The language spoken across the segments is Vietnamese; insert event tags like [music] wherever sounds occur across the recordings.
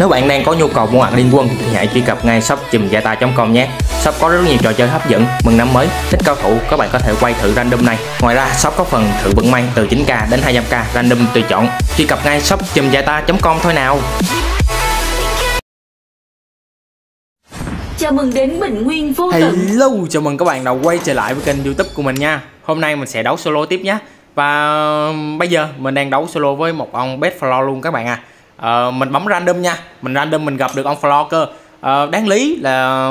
Nếu bạn đang có nhu cầu mua hàng liên quân thì hãy truy cập ngay shop chùm com nhé. Shop có rất nhiều trò chơi hấp dẫn, mừng năm mới, thích cao thủ các bạn có thể quay thử random này. Ngoài ra shop có phần thử vận may từ 9k đến 200k random tùy chọn. Truy cập ngay shop chùm com thôi nào. Chào mừng đến Bình Nguyên Vô Tận Hello, chào mừng các bạn đã quay trở lại với kênh youtube của mình nha Hôm nay mình sẽ đấu solo tiếp nhé Và bây giờ mình đang đấu solo với một ông floor luôn các bạn à Ờ, mình bấm random nha mình random mình gặp được ông floor cơ uh, đáng lý là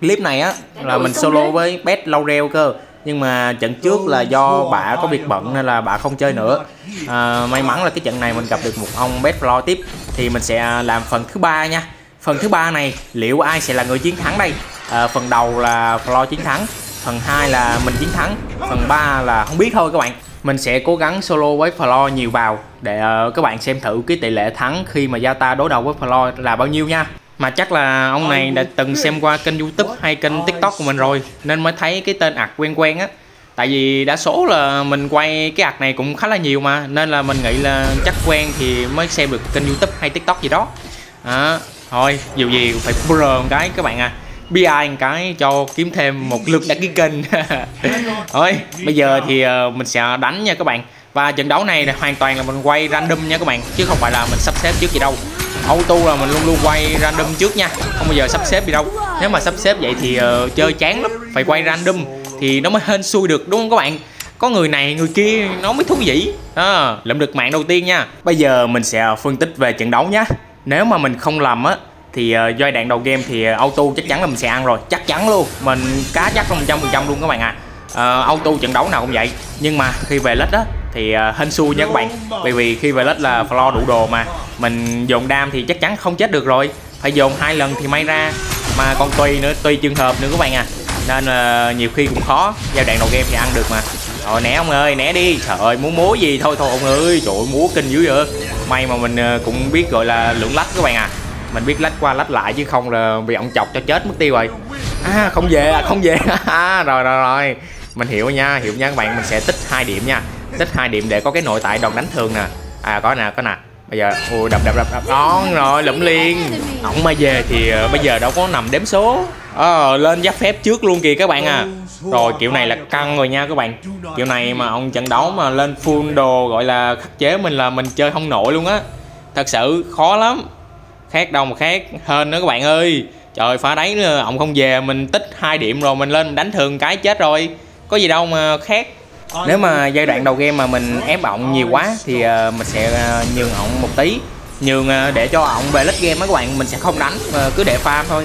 clip này á là mình solo với pet laurel cơ nhưng mà trận trước ừ, là do bà có việc bận nên là bà không chơi nữa à, may mắn là cái trận này mình gặp được một ông pet floor tiếp thì mình sẽ làm phần thứ ba nha phần thứ ba này liệu ai sẽ là người chiến thắng đây à, phần đầu là floor chiến thắng phần 2 là mình chiến thắng phần 3 là không biết thôi các bạn mình sẽ cố gắng solo với Floor nhiều vào để uh, các bạn xem thử cái tỷ lệ thắng khi mà Zata đối đầu với Floor là bao nhiêu nha mà chắc là ông này đã từng xem qua kênh youtube hay kênh tiktok của mình rồi nên mới thấy cái tên ạc quen quen á tại vì đa số là mình quay cái ạc này cũng khá là nhiều mà nên là mình nghĩ là chắc quen thì mới xem được kênh youtube hay tiktok gì đó à, thôi dù gì phải bro một cái các bạn à bi anh cái cho kiếm thêm một lượt đăng ký kênh [laughs] thôi bây giờ thì ờ, mình sẽ đánh nha các bạn và trận đấu này là hoàn toàn là mình quay random nha các bạn chứ không phải là mình sắp xếp trước gì đâu auto là mình luôn luôn quay random trước nha không bao giờ sắp xếp gì đâu nếu mà sắp xếp vậy thì uh, chơi chán lắm phải quay random thì nó mới hên xui được đúng không các bạn có người này người kia nó mới thú vị à, lượm được mạng đầu tiên nha bây giờ mình sẽ phân tích về trận đấu nhé nếu mà mình không làm á thì uh, giai đoạn đầu game thì ờ, auto chắc chắn là mình sẽ ăn rồi chắc chắn luôn mình cá chắc trong trăm phần trăm luôn các bạn ạ à. uh, auto trận đấu nào cũng vậy nhưng mà khi về lết á thì uh, hên xui nha các bạn bởi vì khi về lết là floor đủ đồ mà mình dồn đam thì chắc chắn không chết được rồi phải dồn hai lần thì may ra mà còn tùy nữa tùy trường hợp nữa các bạn à nên uh, nhiều khi cũng khó giai đoạn đầu game thì ăn được mà rồi né ông ơi né đi trời ơi muốn múa gì thôi thôi ông ơi trời ơi múa kinh dữ vậy may mà mình uh, cũng biết gọi là lượng lách các bạn à mình biết lách qua lách lại chứ không là bị ông chọc cho chết mất tiêu rồi à không về à không về [laughs] à, rồi rồi rồi mình hiểu nha hiểu nha các bạn mình sẽ tích hai điểm nha tích hai điểm để có cái nội tại đòn đánh thường nè à có nè có nè bây giờ ui đập đập đập đập đó rồi lụm liền ổng mà về thì ờ, bây giờ đâu có nằm đếm số ờ à, lên giáp phép trước luôn kìa các bạn à rồi kiểu này là căng rồi nha các bạn kiểu này mà ông trận đấu mà lên full đồ gọi là khắc chế mình là mình chơi không nổi luôn á thật sự khó lắm khác đâu mà khác hơn nữa các bạn ơi trời pha đáy nữa ông không về mình tích hai điểm rồi mình lên đánh thường cái chết rồi có gì đâu mà khác nếu mà giai đoạn đầu game mà mình ép ổng nhiều quá thì ờ, mình sẽ ờ, nhường ổng một tí nhường ờ, để cho ổng về lít game các bạn mình sẽ không đánh cứ để farm thôi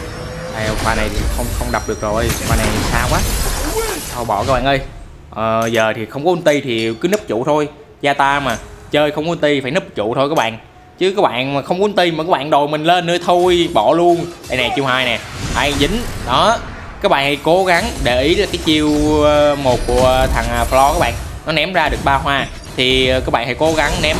à, pha này thì không không đập được rồi pha này xa quá thôi bỏ các bạn ơi à, giờ thì không có ulti thì cứ nấp trụ thôi gia ta mà chơi không có ulti phải nấp trụ thôi các bạn chứ các bạn mà không muốn tìm mà các bạn đồ mình lên nữa thôi bỏ luôn đây nè chiêu hai nè ai dính đó các bạn hãy cố gắng để ý là cái chiêu ờ, một của thằng à, Flo các bạn nó ném ra được ba hoa thì ờ, các bạn hãy cố gắng ném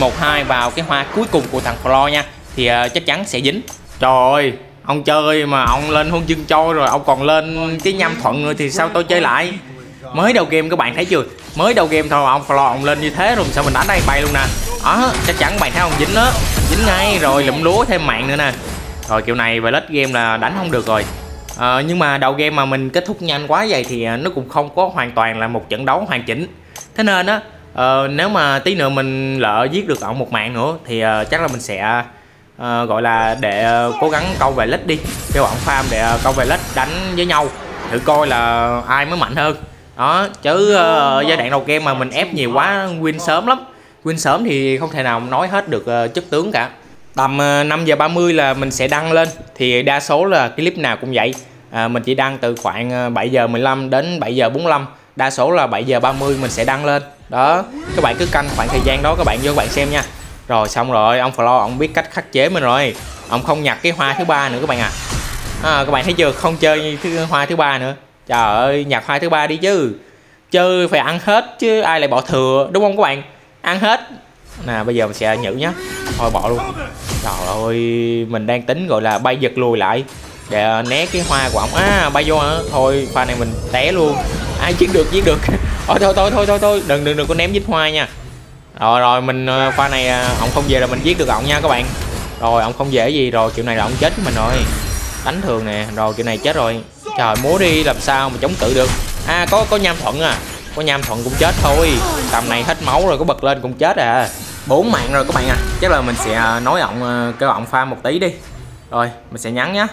một hai vào cái hoa cuối cùng của thằng Flo nha thì ờ, chắc chắn sẽ dính trời ơi ông chơi mà ông lên hôn chương trôi rồi ông còn lên cái nhâm thuận nữa thì sao tôi chơi lại mới đầu game các bạn thấy chưa mới đầu game thôi ông floor ông lên như thế rồi sao mình đánh đây bay luôn nè đó ờ, chắc chắn bạn thấy ông dính đó dính ngay rồi lụm lúa thêm mạng nữa nè rồi kiểu này về lết game là đánh không được rồi à, nhưng mà đầu game mà mình kết thúc nhanh quá vậy thì ờ, nó cũng không có hoàn toàn là một trận đấu hoàn chỉnh thế nên á uh, nếu mà tí nữa mình lỡ giết được ông một mạng nữa thì uh, chắc là mình sẽ uh, gọi là để uh, cố gắng câu về lít đi kêu ổng farm để uh, câu về lít đánh với nhau thử coi là ai mới mạnh hơn đó chứ uh, giai đoạn đầu game mà mình ép nhiều quá win sớm lắm win sớm thì không thể nào nói hết được uh, chất tướng cả tầm uh, ờ, 5 giờ 30 là mình sẽ đăng lên thì đa số là clip nào cũng vậy à, mình chỉ đăng từ khoảng 7 giờ 15 đến 7 giờ 45 đa số là 7 giờ 30 mình sẽ đăng lên đó các bạn cứ canh khoảng thời gian đó các bạn vô các bạn xem nha rồi xong rồi ông Flo ông biết cách khắc chế mình rồi ông không nhặt cái hoa thứ ba nữa các bạn à, à các bạn thấy chưa không chơi thứ hoa thứ ba nữa trời ơi nhặt hoa thứ ba đi chứ chơi phải ăn hết chứ ai lại bỏ thừa đúng không các bạn ăn hết nè bây giờ mình sẽ nhử nhá thôi bỏ luôn trời ơi mình đang tính gọi là bay giật lùi lại để ờ, né cái hoa của ổng à bay vô hả thôi pha này mình té luôn ai à, chiến được chiến được [laughs] thôi thôi thôi thôi thôi thôi đừng đừng đừng có ném dính hoa nha rồi rồi mình ờ, pha này ổng ờ, không về là mình giết được ổng nha các bạn rồi ổng không dễ gì rồi kiểu này là ổng chết với mình rồi đánh thường nè rồi kiểu này chết rồi trời múa đi làm sao mà chống cự được à có có nham thuận à có nham thuận cũng chết thôi tầm này hết máu rồi có bật lên cũng chết à bốn mạng rồi các bạn à chắc là mình sẽ à, nói ổng à, kêu ổng farm một tí đi rồi mình sẽ nhắn nhá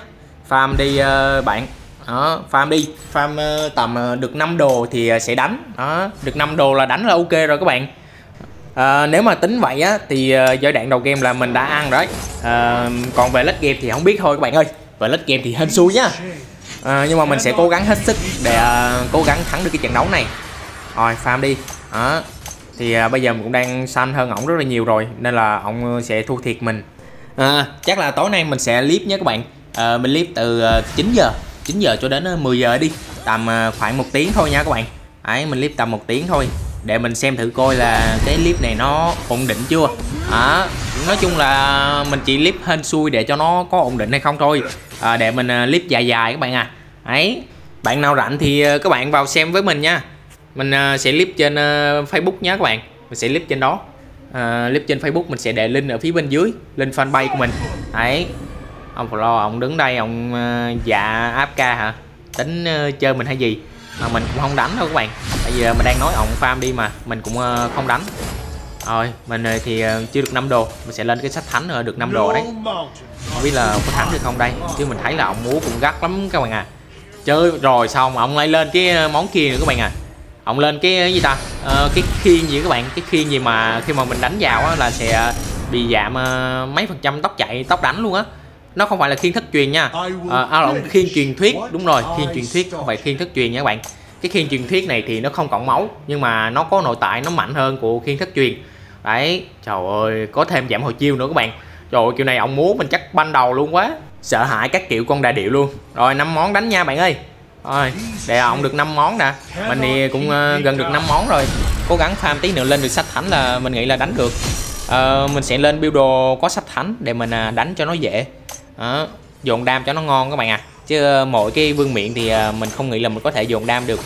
farm đi ờ, bạn đó farm đi farm ờ, tầm ờ, được 5 đồ thì sẽ đánh đó được 5 đồ là đánh là ok rồi các bạn À, nếu mà tính vậy á thì uh, giai đoạn đầu game là mình đã ăn rồi đấy à, còn về lết game thì không biết thôi các bạn ơi về lết game thì hên xui nhá à, nhưng mà mình sẽ cố gắng hết sức để à, cố gắng thắng được cái trận đấu này rồi farm đi đó thì à, bây giờ mình cũng đang xanh hơn ổng rất là nhiều rồi nên là ổng sẽ thua thiệt mình à, chắc là tối nay mình sẽ clip nhé các bạn à, mình clip từ 9 à, giờ 9 giờ cho đến 10 à, giờ đi tầm à, khoảng một tiếng thôi nha các bạn ấy mình clip tầm một tiếng thôi để mình xem thử coi là cái clip này nó ổn định chưa à, nói chung là mình chỉ clip hên xui để cho nó có ổn định hay không thôi à, để mình clip à, dài dài các bạn à ấy bạn nào rảnh thì à, các bạn vào xem với mình nha mình à, sẽ clip trên Facebook nhé các bạn mình sẽ clip trên đó à, clip trên Facebook mình sẽ để link ở phía bên dưới link fanpage của mình ấy ông lo ông đứng đây ông dạ áp ca hả tính chơi mình hay gì mà mình cũng không đánh đâu các bạn bây giờ mình đang nói ông farm đi mà mình cũng không đánh rồi mình thì chưa được 5 đồ mình sẽ lên cái sách thánh rồi được 5 đồ đấy biết là có thắng được không đây chứ mình thấy là ông múa cũng gắt lắm các bạn à chơi rồi xong ông lại lên cái ờ, món kia nữa các bạn à ông lên ờ, cái gì ta ờ, cái khiên gì các bạn cái khiên gì mà khi mà mình đánh vào á, là sẽ ờ, bị giảm mấy phần trăm tóc chạy tóc đánh luôn á nó không phải là khiên thất truyền nha à, à, khiên truyền thuyết đúng rồi khiên truyền thuyết không phải khiên thất truyền nha các bạn cái khiên truyền thuyết này thì nó không cộng máu nhưng mà nó có nội tại nó mạnh hơn của khiên thất truyền đấy trời ơi có thêm giảm hồi chiêu nữa các bạn Trời ơi, kiểu này ông muốn mình chắc ban đầu luôn quá Sợ hãi các kiểu con đại điệu luôn Rồi năm món đánh nha bạn ơi Rồi để ông được 5 món nè Mình thì cũng uh, gần được 5 món rồi Cố gắng farm tí nữa lên được sách thánh là mình nghĩ là đánh được uh, Mình sẽ lên build đồ có sách thánh để mình uh, đánh cho nó dễ Đó, Dồn đam cho nó ngon các bạn à Chứ uh, mỗi cái vương miệng thì uh, mình không nghĩ là mình có thể dồn đam được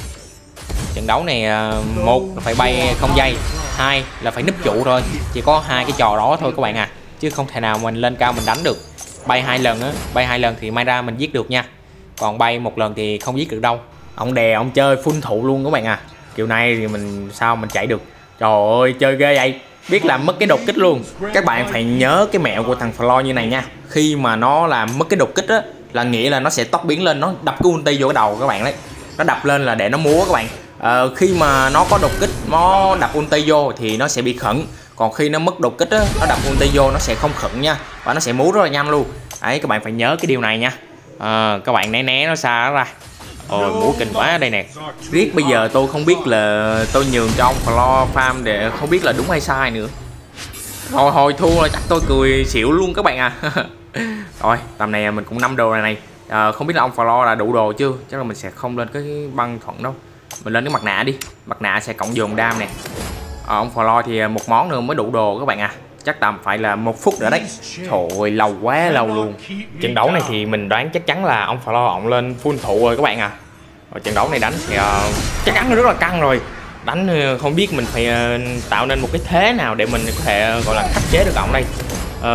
Trận đấu này uh, một là phải bay không dây hai là phải nấp trụ thôi Chỉ có hai cái trò đó thôi các bạn à chứ không thể nào mình lên cao mình đánh được bay hai lần á bay hai lần thì may ra mình giết được nha còn bay một lần thì không giết được đâu ông đè ông chơi phun thụ luôn các bạn à kiểu này thì mình sao mình chạy được trời ơi chơi ghê vậy biết làm mất cái đột kích luôn các bạn phải nhớ cái mẹo của thằng Floyd như này nha khi mà nó làm mất cái đột kích á là nghĩa là nó sẽ tóc biến lên nó đập cái ulti vô cái đầu các bạn đấy nó đập lên là để nó múa các bạn ờ, khi mà nó có đột kích nó đập ulti vô thì nó sẽ bị khẩn còn khi nó mất đột kích á nó đập ulti vô nó sẽ không khẩn nha và nó sẽ mú rất là nhanh luôn ấy các bạn phải nhớ cái điều này nha à, các bạn né né nó xa nó ra ôi múa kinh quá đây nè riết bây giờ tôi không biết là tôi nhường cho ông flo farm để không biết là đúng hay sai nữa hồi hồi thua là chắc tôi cười xỉu luôn các bạn à rồi [laughs] tầm này mình cũng năm đồ này này à, không biết là ông flo là đủ đồ chưa chắc là mình sẽ không lên cái băng thuận đâu mình lên cái mặt nạ đi mặt nạ sẽ cộng dồn đam nè à, ông lo thì à, một món nữa mới đủ đồ các bạn à chắc tầm phải là một phút nữa đấy thôi lâu quá lâu luôn trận đấu này thì mình đoán chắc chắn là ông lo ông lên full thụ rồi các bạn à rồi trận đấu này đánh thì uh, chắc chắn nó rất là căng rồi đánh uh, không biết mình phải uh, tạo nên một cái thế nào để mình có thể uh, gọi là khắc chế được ổng đây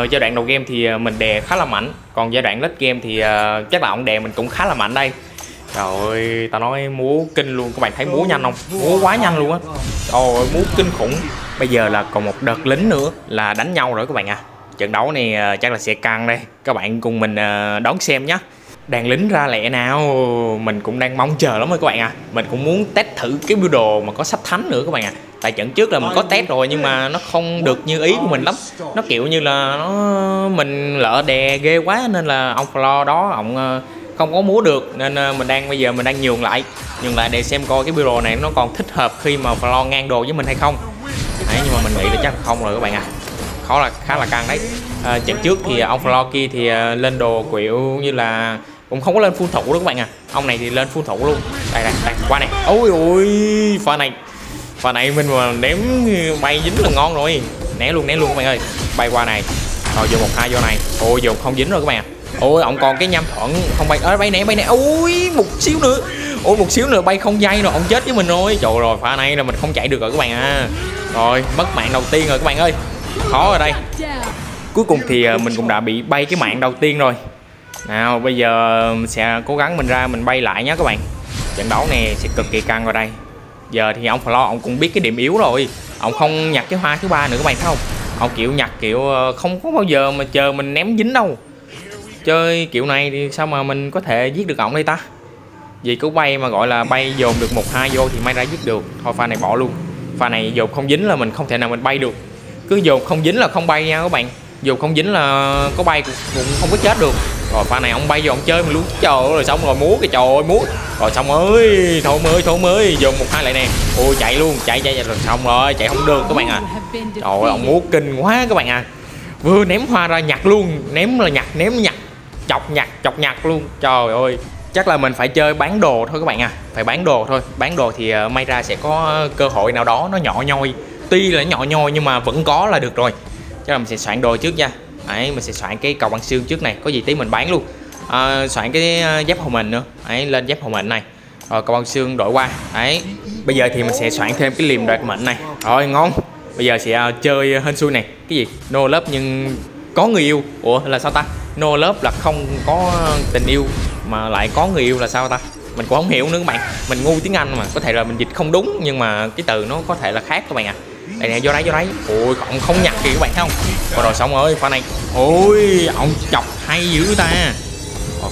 uh, giai đoạn đầu game thì uh, mình đè khá là mạnh còn giai đoạn lết game thì uh, chắc là ổng đè mình cũng khá là mạnh đây Trời ơi, tao nói múa kinh luôn, các bạn thấy múa nhanh không? Múa quá nhanh luôn á Trời ơi, múa kinh khủng Bây giờ là còn một đợt lính nữa là đánh nhau rồi các bạn à Trận đấu này à, chắc là sẽ căng đây Các bạn cùng mình à, đón xem nhé Đàn lính ra lẹ nào Mình cũng đang mong chờ lắm rồi các bạn à Mình cũng muốn test thử cái biểu đồ mà có sách thánh nữa các bạn à Tại trận trước là mình có test rồi nhưng mà nó không được như ý của mình lắm Nó kiểu như là nó mình lỡ đè ghê quá nên là ông Flo đó, ông à, không có múa được nên ờ, mình đang bây giờ mình đang nhường lại nhường lại để xem coi cái bureau này nó còn thích hợp khi mà lo ngang đồ với mình hay không đấy nhưng mà mình nghĩ là chắc không rồi các bạn ạ à. khó là khá là căng đấy à, trận trước thì ông Flo kia thì ờ, lên đồ kiểu như là cũng không có lên phun thủ đó các bạn à ông này thì lên phun thủ luôn đây đây đây qua này ôi ôi pha này pha này mình mà ném bay dính là ngon rồi né luôn né luôn các bạn ơi bay qua này rồi vô một hai vô này ôi vô không dính rồi các bạn à ôi ông còn cái nham thuận không bay ơi bay nè bay nè ôi một xíu nữa ôi một xíu nữa bay không dây rồi ông chết với mình rồi trời rồi pha này là mình không chạy được rồi các bạn à rồi mất mạng đầu tiên rồi các bạn ơi khó rồi đây cuối cùng thì à, mình cũng đã bị bay cái mạng đầu tiên rồi nào bây giờ sẽ cố gắng mình ra mình bay lại nhé các bạn trận đấu này sẽ cực kỳ căng rồi đây giờ thì ông lo ông cũng biết cái điểm yếu rồi ông không nhặt cái hoa thứ ba nữa các bạn thấy không ông kiểu nhặt kiểu ờ, không có bao giờ mà chờ mình ném dính đâu chơi kiểu này thì sao mà mình có thể giết được ổng đây ta vì cứ bay mà gọi là bay dồn được một hai vô thì may ra giết được thôi pha này bỏ luôn pha này dồn không dính là mình không thể nào mình bay được cứ dồn không dính là không bay nha các bạn dồn không dính là có bay cũng, không có chết được rồi pha này ông bay dồn chơi mình luôn trời rồi xong rồi múa cái trời ơi múa rồi xong ơi thôi mới thôi mới dồn một hai lại nè ôi chạy luôn chạy chạy, chạy rồi xong rồi chạy không được các bạn à trời ơi ông múa kinh quá các bạn à vừa ném hoa ra nhặt luôn ném là nhặt ném nhặt chọc nhặt chọc nhặt luôn trời ơi chắc là mình phải chơi bán đồ thôi các bạn à phải bán đồ thôi bán đồ thì ờ, may ra sẽ có cơ hội nào đó nó nhỏ nhoi tuy là nhỏ nhoi nhưng mà vẫn có là được rồi chắc là mình sẽ soạn đồ trước nha ấy mình sẽ soạn cái cầu bằng xương trước này có gì tí mình bán luôn à, soạn cái ờ, dép hồng mình nữa ấy lên dép hồng mình này rồi cầu bằng xương đổi qua ấy bây giờ thì mình sẽ soạn thêm cái liềm đoạt mệnh này rồi ngon bây giờ sẽ chơi hên xui này cái gì nô no lớp nhưng có người yêu ủa là sao ta no lớp là không có tình yêu mà lại có người yêu là sao ta mình cũng không hiểu nữa các bạn mình ngu tiếng anh mà có thể là mình dịch không đúng nhưng mà cái từ nó có thể là khác các bạn ạ à. đây nè vô đấy vô đấy ôi ông không nhặt kìa các bạn không rồi rồi xong rồi pha này ôi ông chọc hay dữ ta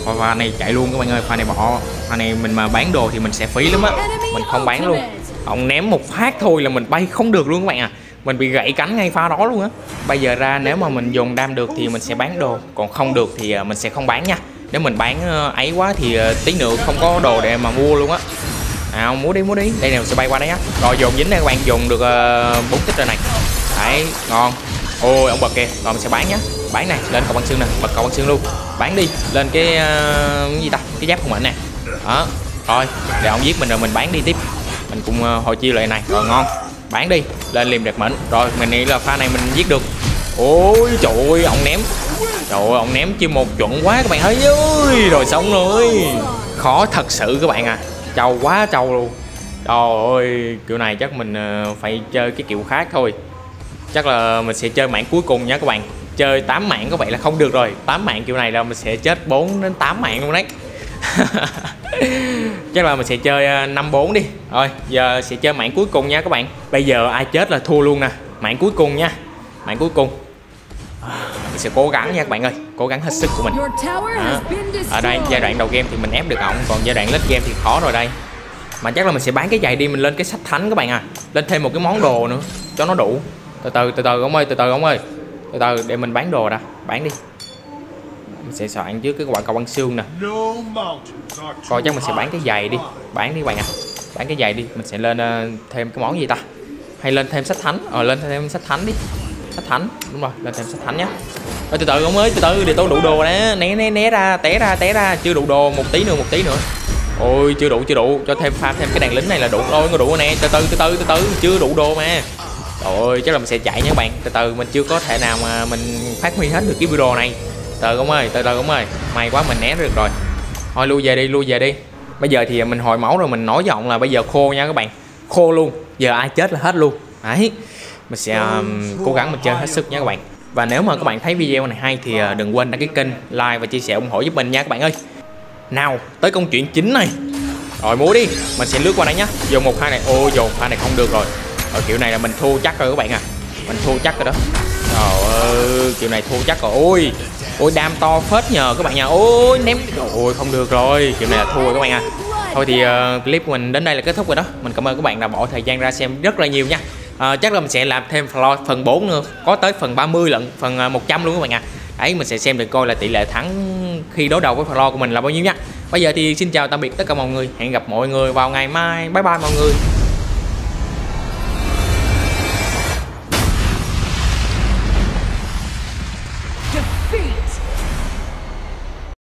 pha, pha này chạy luôn các bạn ơi pha này bỏ pha này mình mà bán đồ thì mình sẽ phí lắm á mình không bán luôn ông ném một phát thôi là mình bay không được luôn các bạn à mình bị gãy cánh ngay pha đó luôn á bây giờ ra nếu mà mình dùng đam được thì mình sẽ bán đồ còn không được thì à, mình sẽ không bán nha nếu mình bán ờ, ấy quá thì ờ, tí nữa không có đồ để mà mua luôn á à múa đi múa đi đây nào sẽ bay qua đấy á rồi dồn dính đây các bạn dùng được ờ, bốn tích rồi này đấy ngon ôi ông bật kìa rồi mình sẽ bán nhá bán này lên cầu băng xương nè bật cầu băng xương luôn bán đi lên cái uh, cái gì ta cái giáp không ảnh nè đó rồi để ông giết mình rồi mình bán đi tiếp mình cũng uh, hồi chia lại này rồi ngon bán đi lên liềm đẹp mệnh rồi mình nghĩ là pha này mình giết được ôi trời ơi ông ném trời ơi ông ném chưa một chuẩn quá các bạn thấy ơi rồi sống rồi khó thật sự các bạn à trâu quá trâu luôn trời ơi kiểu này chắc mình ờ, phải chơi cái kiểu khác thôi chắc là mình sẽ chơi mạng cuối cùng nha các bạn chơi 8 mạng có vậy là không được rồi 8 mạng kiểu này là mình sẽ chết 4 đến 8 mạng luôn đấy [laughs] chắc là mình sẽ chơi à, năm bốn đi rồi giờ sẽ chơi mạng cuối cùng nha các bạn bây giờ ai chết là thua luôn nè mạng cuối cùng nha mạng cuối cùng mình sẽ cố gắng nha các bạn ơi cố gắng hết sức của mình à, ở đây giai đoạn đầu game thì mình ép được ổng còn giai đoạn late game thì khó rồi đây mà chắc là mình sẽ bán cái giày đi mình lên cái sách thánh các bạn à lên thêm một cái món đồ nữa cho nó đủ từ từ từ từ ông ơi từ từ ông ơi từ từ để mình bán đồ đã bán đi mình sẽ soạn trước cái quả cầu băng xương nè coi chắc mình sẽ bán cái giày đi bán đi bạn ạ à. bán cái giày đi mình sẽ lên ờ, thêm cái món gì ta hay lên thêm sách thánh ờ lên thêm sách thánh đi sách thánh đúng rồi lên thêm sách thánh nhá Ê, từ từ ông ơi từ từ để tôi đủ đồ nè né né né ra té ra té ra chưa đủ đồ một tí nữa một tí nữa ôi chưa đủ chưa đủ cho thêm pha thêm cái đàn lính này là đủ thôi có đủ nè từ từ từ từ từ từ chưa đủ đồ mà Trời ơi, chắc là mình sẽ chạy nha các bạn Từ từ mình chưa có thể nào mà mình phát huy hết được cái video này từ ông ơi từ từ ông ơi may quá mình né được rồi thôi lui về đi lui về đi bây giờ thì mình hồi máu rồi mình nói với là bây giờ khô nha các bạn khô luôn giờ ai chết là hết luôn đấy mình sẽ um, cố gắng mình chơi hết sức nha các bạn và nếu mà các bạn thấy video này hay thì uh, đừng quên đăng ký kênh like và chia sẻ ủng hộ giúp mình nha các bạn ơi nào tới công chuyện chính này rồi múa đi mình sẽ lướt qua đây nhá dồn một hai này ô dồn hai này không được rồi ở kiểu này là mình thua chắc rồi các bạn à mình thua chắc rồi đó trời ơi kiểu này thua chắc rồi ôi ôi đam to phết nhờ các bạn nha ôi ném ôi không được rồi kiểu này là thua rồi các bạn nha. À. thôi thì uh, clip của mình đến đây là kết thúc rồi đó mình cảm ơn các bạn đã bỏ thời gian ra xem rất là nhiều nha à, chắc là mình sẽ làm thêm floor phần 4 nữa có tới phần 30 lận phần 100 ờ, luôn các bạn nha. à. đấy mình sẽ xem được coi là tỷ lệ thắng khi đối đầu với floor của mình là bao nhiêu nha bây giờ thì xin chào tạm biệt tất cả mọi người hẹn gặp mọi người vào ngày mai bye bye mọi người